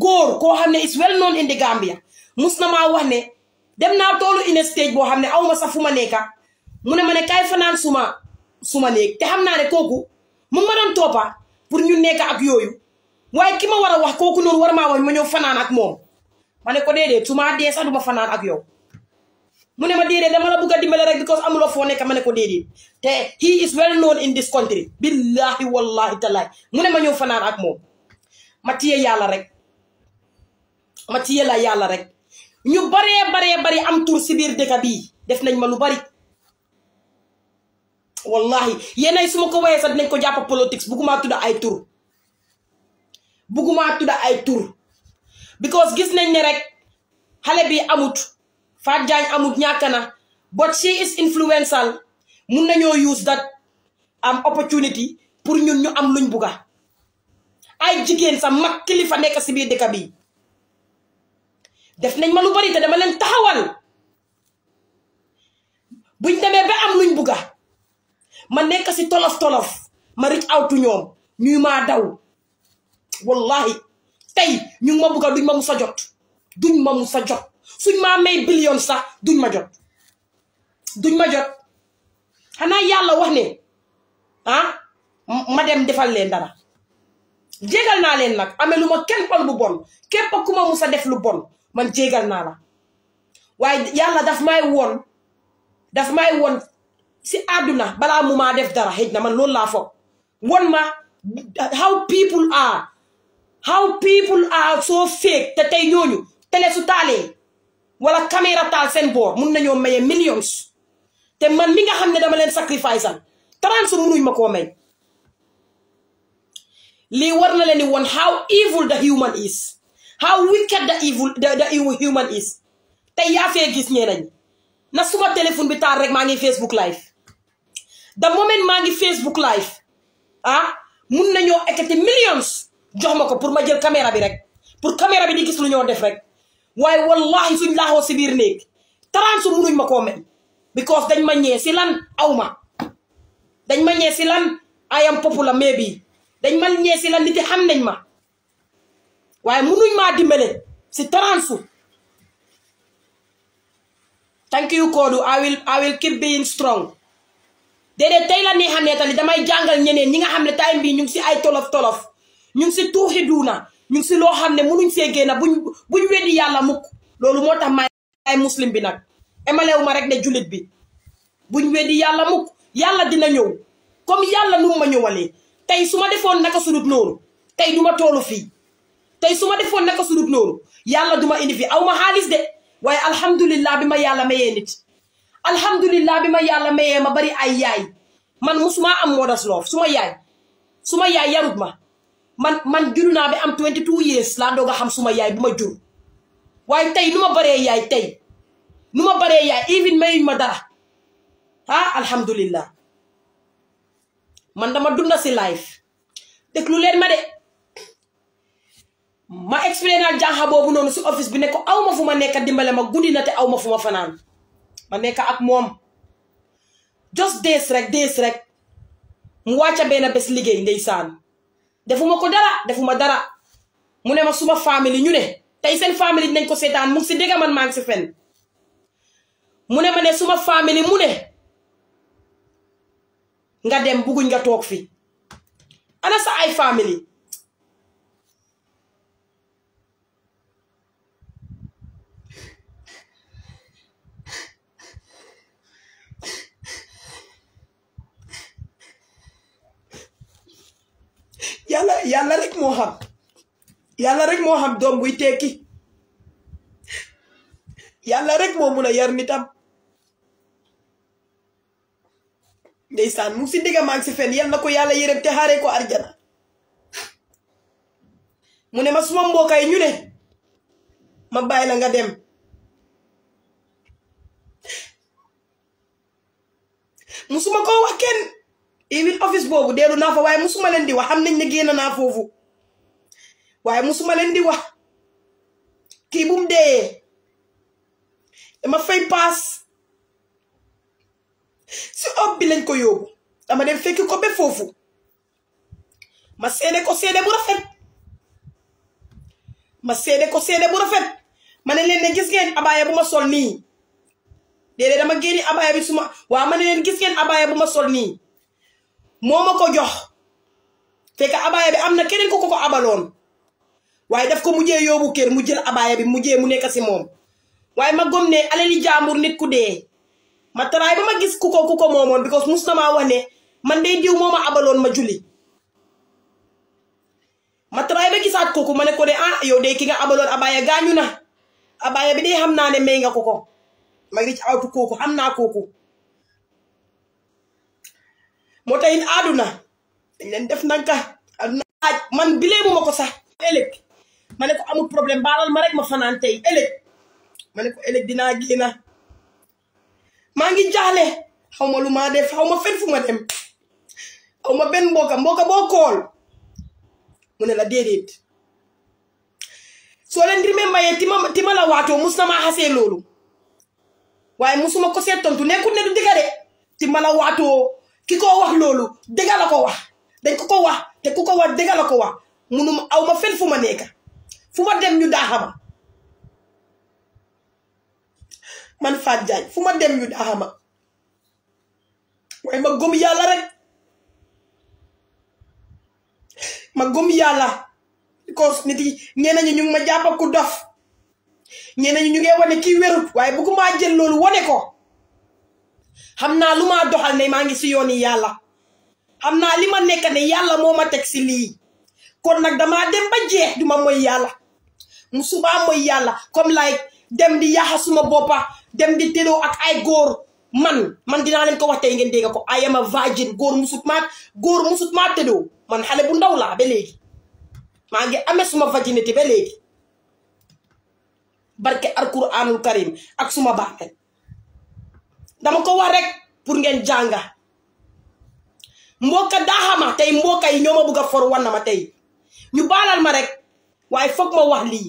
góor koo xam ne is well known in the Gambia mus na wax ne dem naa toolu une stage boo xam ne aw ma sax fu ma nekka mu ne ma ne kaay fanaan suma suma néeg te xam naa ne kooku mu ma doon toppa pour ñu nekka ak yooyu waaye ki ma war a wax kooku noonu war ma wax ma ñëw fanaan ak moom ma ne ko déedéet su ma dee sax ma fanaan ak yow mu ne ma déedéet dama la bëgg a dimbale rek because amulo foo nekk ma ne ko déedéet te he is well known in this country billahi wallahi talaay mu ne ma ñëw fanaan ak moom ma yàlla rek ma ci yàlla yalla rek ñu bare bare bari am tour ci bir deka bi def nañ ma lu bari wallahi yéenay su ko woyee sax dinañ ko tu da buggumaa tudda ay tur buggumaa tudda ay tour because gis nañ ne rek xale bi amut Fatou jañ amut ñàkk but she is influential mën nañu use that am um, opportunity pour ñun ñu am luñ buga ay jigen sa mak kilifa nek ci bir deka bi def nañ ma lu bari te dama leen taxawal buñ démé ba am luñ bugga ma nek ci tolof tolof ma rich awtu ñom ñuy ma daw wallahi tay ñu ma bugga duñ ma mus a jot duñ ma mus sa, jot suñ ma may billion sax duñ ma jot duñ ma jot xana yalla wax ne ah ma dem defal leen dara jégal na leen nak amé luma kenn pal bu bon képp ku ma mus def lu bon man jégal naa la That's yàlla daf may my daf may woon si àdduna balaa mu maa def dara xëj man loolu laa foog woon ma how people are how people are soo féeg te tey ñooñu télé su taalee wala caméra tal seen boor mun nañoo maye millions te man mi nga xam ne dama leen sacrifice am trente su munuñ ma may na leen how evil the human is how wicked the evil the, the human is tay ya fe gis ñee nañ na suma telephone bi tar rek ma ngi facebook live the moment ma ngi facebook live ah mën nañu ekati millions jox mako ko pour ma jël caméra bi rek pour caméra bi di gis lu ñoo def rek way wallahi suñ laaxoo si biir néeg taransu munuñ ma mako mel because dañ ma ñee ci lan awma dañ ma ci lan I am popular maybe dañ ma ñee ci lan nit xam nañ ma waaye munuñ maa dimbale si transu thank you Kodou I will I will keep being strong déedéet tey la neexa neetali damay jàngal ñeneen ñi nga xam ne time bii ñu ngi si ay tolof tolof ñu ngi si tuuxi duuna ñu ngi si loo xam ne munuñ see génn buñ buñ weddi yàlla mukk loolu moo tax may ay muslim bi nag emalewu ma rek ne jullit bi buñ weddi yàlla mukk yàlla dina ñëw comme yàlla nu ma ñëwalee tey su ma defoon naka sudut noonu tey du ma toolu fii tey su ma defoon naka surut noonu yàlla duma ma indi fi aw ma xaalis de waaye alhamdulillah bi ma yàlla mayee nit alhamdulillah bi ma yàlla mayee ma bari ay yaay man musuma am modas loof su ma yaay su ma yaay yarut ma man man juru naa bi am 22 years laa doog a xam suma yaay bu ma jur waaye tey nu ma baree yaay tey nu ma baree yaay even mayuñ ma dara ah alhamdulillah man dama dunda si life déglu leen ma de ma ak expliqué jànxa boobu noonu si office bi ne ko aw fu ma nekk dimbale ma guddi na te aw ma fu ma fanaan ma nekk ak moom just dees rek dees rek mu wàcca benn bés liggéey ndeysaan defuma ko dara defuma dara mu ne ma suma famille ñu ne tey seen famille dinañ ko seetaan mu ngi si dégg man maa ngi si fen mu ne ma ne suma famille mu ne nga dem bugguñ nga toog fi ana sa ay famille yàlla yàlla rek moo xam yàlla rek moo xam doom buy tekki yàlla rek moo mun a yar nitam ndeysaan mu si ndigga maa ngi si fen yal ko yàlla yërëm te xaaree ko arjana mu ne ma suma mbokk yi ñu ne ma bàyyi la nga dem musuma ko wax kenn even office boobu deelu naa fa waaye musuma leen di wax xam nañ ne génn naa foofu waaye musuma leen di wax kii bu mu deeyee dama fay paas si ob bi lañ ko yóbbu dama dem fekki ko foofu ma seede ko seede bu rafet ma seede ko seede bu rafet ma ne leen ne gis ngeen abaaya bu ma sol nii déedéet dama génni abaaya bi suma waaw ma ne leen gis ngeen abaaya bu ma sol nii moo ma ko jox fekk abaya bi am na keneen ku ko ko abaloon waaye daf ko mujjee yóbbu kër mu jël abaya bi mujjee mu nekk si moom waaye ma gom ne alali jaambur nit ku dee ma taraay ba ma gis ku ko ku ko moomoon because mus na maa wax ne man day diw moo ma abaloon ma julli ma taraay ba gisaat kooku ma ne ko de ah yow day ki nga abaloon abaya gaañu na abaya bi day xam naa ne may nga ko ko ma ric awtu kooku xam naa kooku moo taxin àdduna dañ leen def nanka àdduna man bilee mu ma ko sax ëllëg ma ne ko amul problème baalal ma rek ma fanaan tey ëllëg ma ne ko ëllëg dinaa génna maa ngi jaaxle xaw ma lu maa def xaw ma fen fu ma dem xaw benn mbooka mbooka boo kool mu ne la déedéet soo leen remember yee ti ma ti ma la waatoo mus na maa xasee loolu waaye musuma ko seet tontu nekkul ne du dëgg de ti ma waatoo ki ko wax loolu dëgg ko wax dañ ko ko wax te ku ko wax dëgg la ko wax munum aw ma fen fu ma nekk fu ma dem ñu daaxama man Fatou Jagne fu ma dem ñu daaxama waaye ma gëm yàlla rek ma gëm yàlla because nit yi ñeneen ñi ñu ma jàpp ku dof ñeneen ñu ñu ngi ne kii wérut waaye bëgguma jël loolu wane ko xam naa lu ma doxal ne maa ngi si yooni yàlla xam naa li ma nekk ne yàlla moo ma teg si lii kon nag damaa dem ba jeex ma moy yàlla mu subaa mooy yàlla comme like dem di yaaxa suma boppa dem di tëddoo ak ay góor man man dinaa leen ko wax tey ngeen dégg ko I am a virgin góor musut maa góor musut maa tëddoo man xale bu ndaw laa ba léegi maa ngi amee suma virginité ba léegi barke alquraanul karim ak suma baaxel dama ko war rek pour ngeen janga mboka dahama tay mboka yi ñoma bëgg for one na ma tey ñu balal ma rek waye fokk ma wax li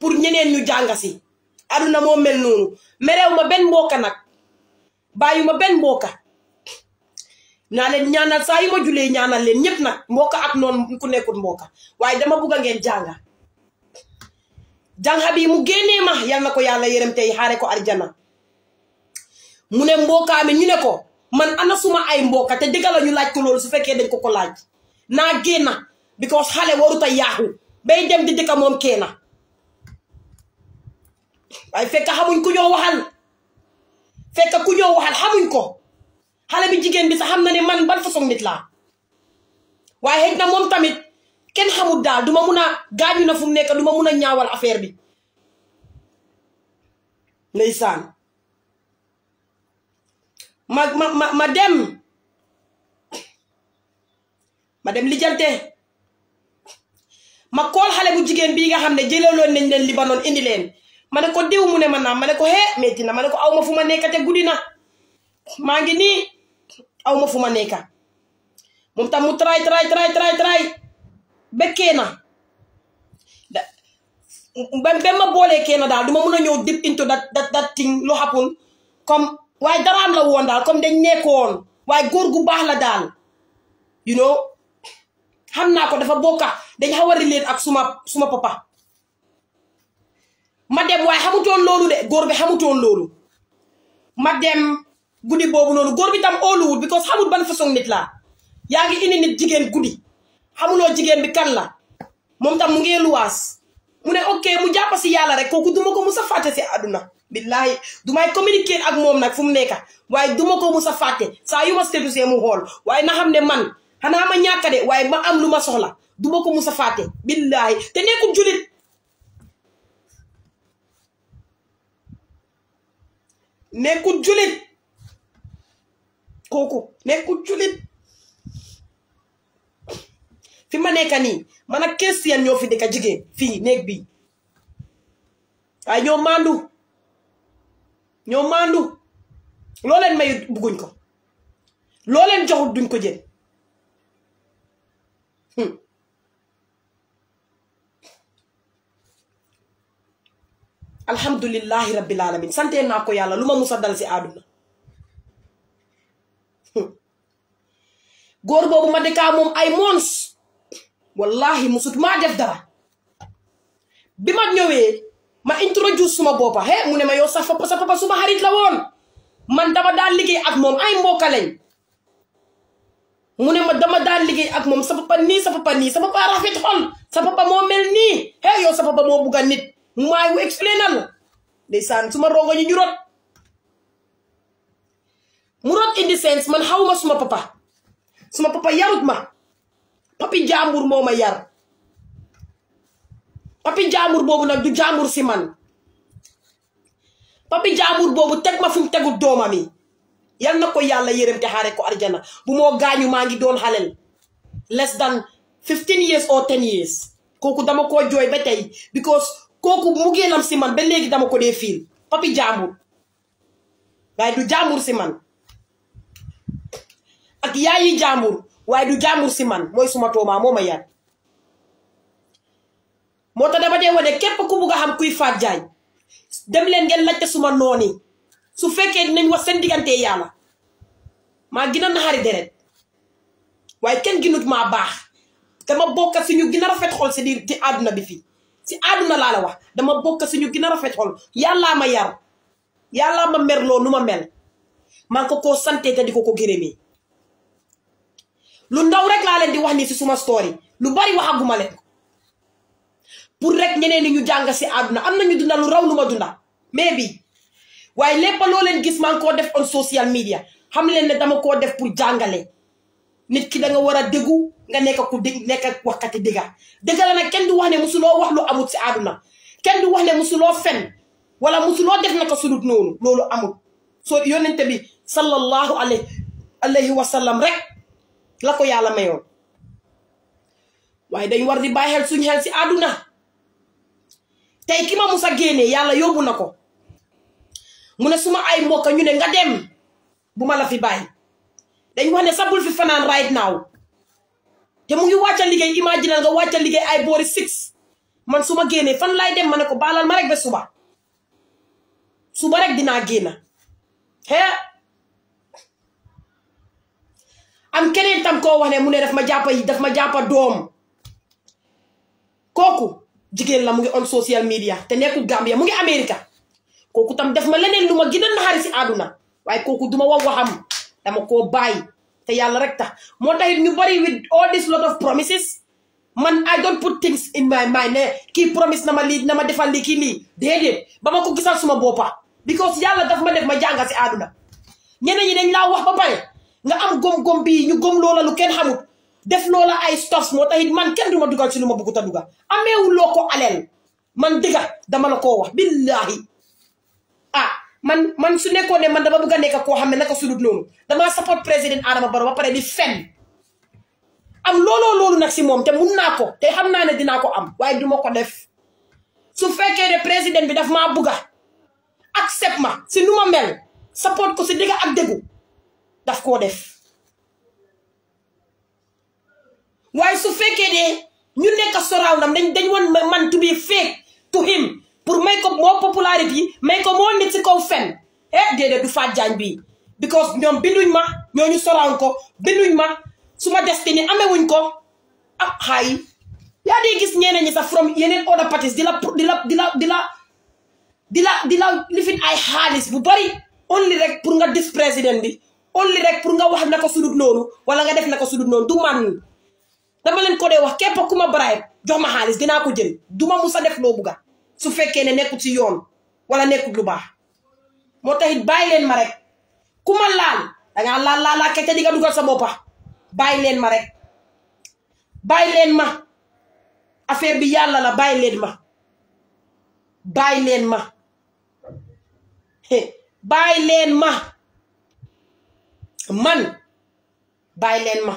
pour ñeneen ñu janga si aduna mo mel nonu merew ma ben mbokka nag bàyyu ma benn mbokka naa ñaanal sa yu ma julee ñaanal len ñepp nak mboka ak non ku nekkul mboka waye dama bëgg ngeen janga janxa bi mu génnee ma yal na ko yàlla yërëm tey xaare ko arjana mu ne mbookaami ñu ne ko man ana suma ay mbooka te dëgg la ñu laaj ko loolu su fekkee dañ ko ko laaj naa génna because xale warut a yaaxu bay dem di dëkka moom keena waaye fekk xamuñ ku ñoo waxal fekk ku ñoo waxal xamuñ ko xale bi jigéen bi sax xam na ne man ban façon nit laa waaye xëy na moom tamit Ken xamul daal duma muna gañu na fu mu nekk duma muna ñaawal affaire bi neysan ma ma ma dem ma dem lijjante ma kol xale bu jigen bi nga xamne jeelalon nañ len Libanon indi len ma ko diw mu ne man na ma ko he metti na ma ko ma fu ma nekkate ngi ni awma ma fu mom tam mu tray tray tray tray tray ba keena ba ba ma boolee keena daal du ma mun a ñëw deep into da that that thing lu happen comme waaye daraam la woon daal comme dañ nekkoon waaye góor gu baax la daal you know xam naa ko dafa bokka dañ xaw a relate ak suma suma papa ma dem waaye xamutoon loolu de góor bi xamutoon loolu ma dem guddi boobu noonu góor bi tam óoluwul because xamul ban façon nit laa yaa ngi indi nit jigéen guddi xamuloo jigéen bi kan la moom tam mu ngi luwaas mu ne ok mu jàpp si yàlla rek kooku duma ko musa fàtte si àdduna billahi du may communiquer ak moom nag fu mu nekk waaye duma ko musa fàtte saa yu ma seetusee mu xool waaye na xam ne man xanaa ma ñàkk de waaye ma am lu ma soxla duma ko musa fàtte billahi te nekkul julit nekkul julit kooku nekkul julit fi ma nekka nii man ak christian jige fi negbi, jigéen fii néeg bi waaye ñoo maandu ñoo maandu lo len mayut bugguñ ko lo len duñ ko jël hmm. alhamdulillah rabbil alamin sante ko yàlla luma musa dal si aduna hmm. gor bobu ma dëkkaa ay mons wallahi musut maa def dara bi mat ñëwee ma introduce suma boppa he mu ne ma yow sax papa sa papa suma xarit la woon man dama daal liggéey ak moom ay mbokka lañ mu ne ma dama daal liggéey ak moom sa papa nii sa papa nii sa papa rafet xol sa papa moo mel nii he yow sa papa moo bugga nit maay wu explainal ndeysaan suma rongo ñu ñu rot mu rot indi sens man xawma suma papa suma papa yarut ma papi jaambur moo ma yar papi jaambur boobu nag du jaambur si man papi jaambur boobu teg ma fu mu tegu doomam yi yal na ko yàlla yërëm te xaare ko arjana bu moo gaañu maa ngi doon xalel less than fifteen years or ten years kooku dama koo jooy ba tey because kooku mu génnam si man ba léegi dama ko dee fiil papi jaambur waaye du jaambur si man ak yaayi jaambur waaye du jàmbur si man mooy suma toomaa moo ma yàgg moo tax ba dee wane képp ku bugg a xam kuy Fatou Jagne dem leen ngeen laajte suma nooni su fekkee dinañ wax seen diggante yàlla maa gën a naxari deret waaye kenn ginut maa baax dama bokk si ñu gën a rafet xol si di àdduna bi fii si àdduna laa la wax dama bokk si ñu gën a rafet xol yàllaa ma yar yàllaa ma merloo lu ma mel maa ngi ko koo sante te di ko ko gërëmee lu ndaw rek laa leen di wax ni si suma story lu bari waxaguma leen ko pour rek ñeneen ni ñu jàng si àdduna am na ñu dunda lu raw lu ma dunda mais bi waaye lépp loo leen gis maa koo def on social media xam leen ne dama koo def pour jàngale nit ki danga nga war a déggu nga nekk ku dégg nekk waxkati dégga dëgg la na kenn du wax ne musuloo wax lu amut si àdduna kenn du wax ne musuloo fen wala musuloo def na naka sudut noonu loolu amut soo yonente bi sallallahu alayhi wa sallam rek la ko yàlla mayoon waaye dañ war di bàyyi xel suñ xel si àdduna tey ki ma mus a génnee yàlla yóbbu na ko mu ne suma ay mbokk ñu ne nga dem bu ma la fi bàyyi dañ wax ne sabul fi fanaan right now te mu ngi wàcca liggéey imaginal nga wàcca liggéey ay boori six man su ma génnee fan laay dem ma ne ko ma rek ba suba suba rek dinaa génna hee am keneen tam koo wax ne mu ne daf ma yi daf ma jàppa doom kooku jigéen la mu ngi on social media te nekkul Gambia mu ngi America kooku tam def ma leneen lu ma gën a naxari si aduna. waaye kooku duma wax waxam dama koo bàyyi te yàlla rek tax moo taxit ñu bari with all this lot of promises man I don't put things in my mind ne kii promise na ma lii na ma defal lii kii nii déedéet ba ma ko gisal suma boppa because yàlla daf ma def ma jànga si aduna? ñeneen ñi dañ laa wax ba pare nga am gom-gom bii ñu gom loola lu kenn xamut def loola ay stof moo taxit man kenn du ma dugal ci lu ma bëggut a dugal ameewuloo ko aleel man dëgga dama la koo wax billaahi ah man man su nekkoon ne man dama bëgg a nekk koo xam ne naka sudut loolu dama support président Adama Barrow ba pare di fen am looloo nag si moom te mun naa ko te xam naa ne dinaa ko am waaye duma ko def su fekkee ne président bi daf maa bëgga accept ma si nu ma mel support ko si dëgga ak dëggu daf ko def way su fekke ne ñu nekk soraaw nam dañ dañ won man to be fake to him pour may ko moo popularity may ko mo nit ci ko fen eh dede du fa jagn bi because ñoom binduñ ma ñooñu soraaw ko binduñ ma suma destiny wuñ ko ak ah, xay ya dee gis ñene ñi sax from yeneen order parties dila dila dila dila dila dila di la lifin ay halis bu bari only rek pour nga dis president bi olli rek pour nga wax na ko sudut noonu wala nga def na ko sudut noonu du man dama leen ko dee wax képp ku ma bribe jox ma xaalis dinaa ko jël du ma mus a def loo bugga su fekkee ne nekkul ci yoon wala nekkul lu baax moo taxit baay leen ma rek ku ma laal dangaa laal laalaa kecca di nga dugal sa boppa bàyyi leen ma rek bàyyi leen ma affaire bi yàlla la bàyyi leen ma baay leen ma bàyyi leen ma man bàyyi leen ma